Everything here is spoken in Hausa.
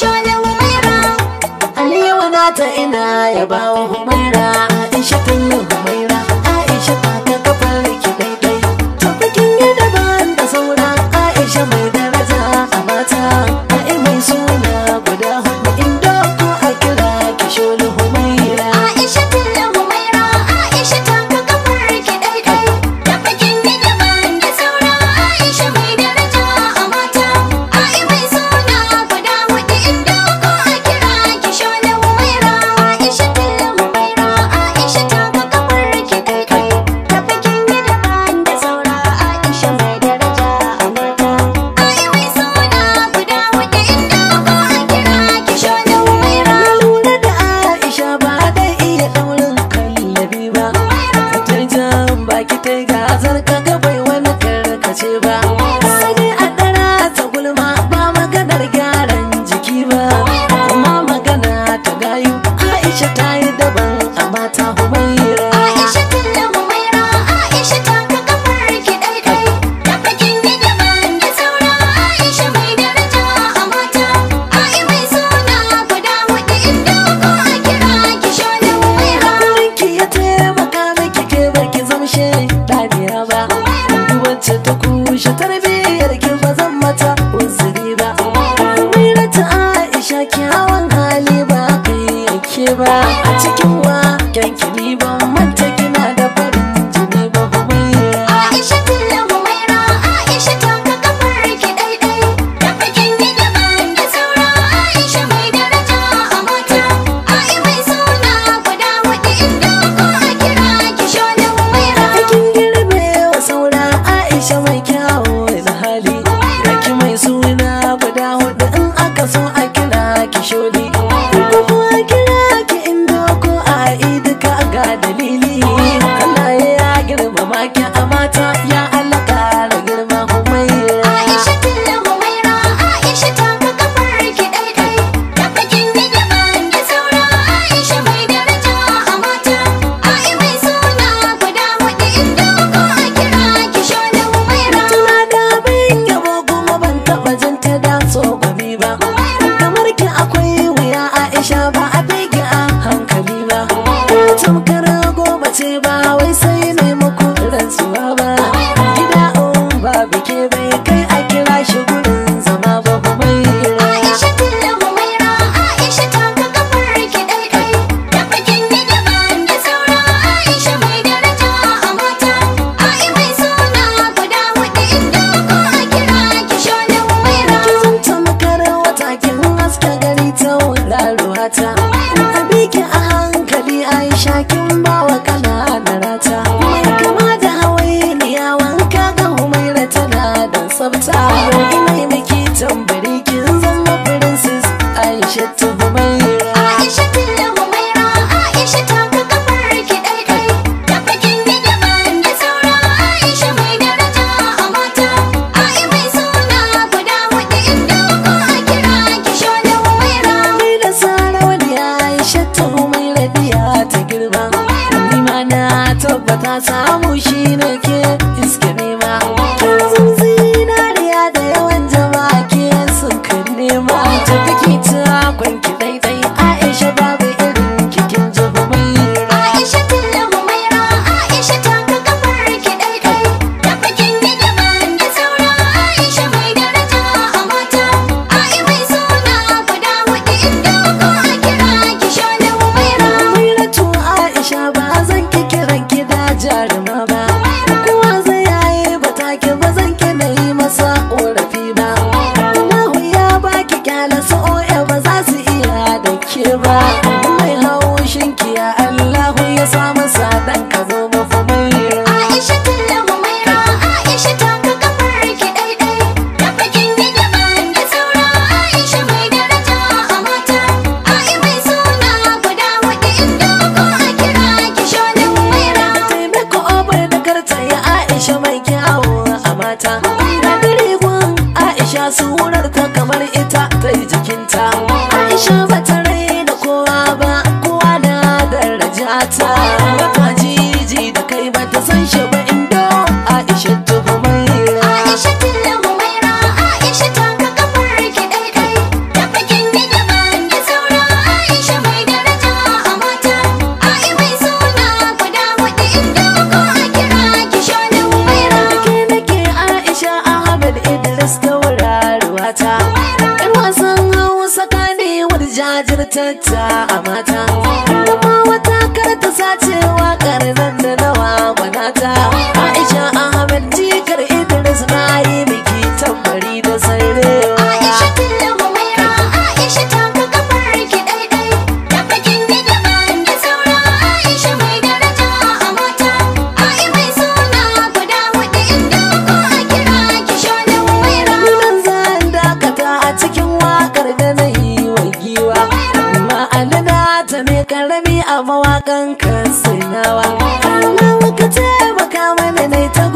gaisho Humaira Aliyu na ta ina ya bawa Humaira Aisha ta yi daban a mata humai sai ne muku rantsuwa ba samu ki na yi masa ƙorafi ba Allahu ya baki kyale su oya oh, ba za su iya da ke ba fitatta a mata wata kar ta sace waƙar zan da nawa banata mawaƙan kan sinawa. Allah baka taimaka mana ne ta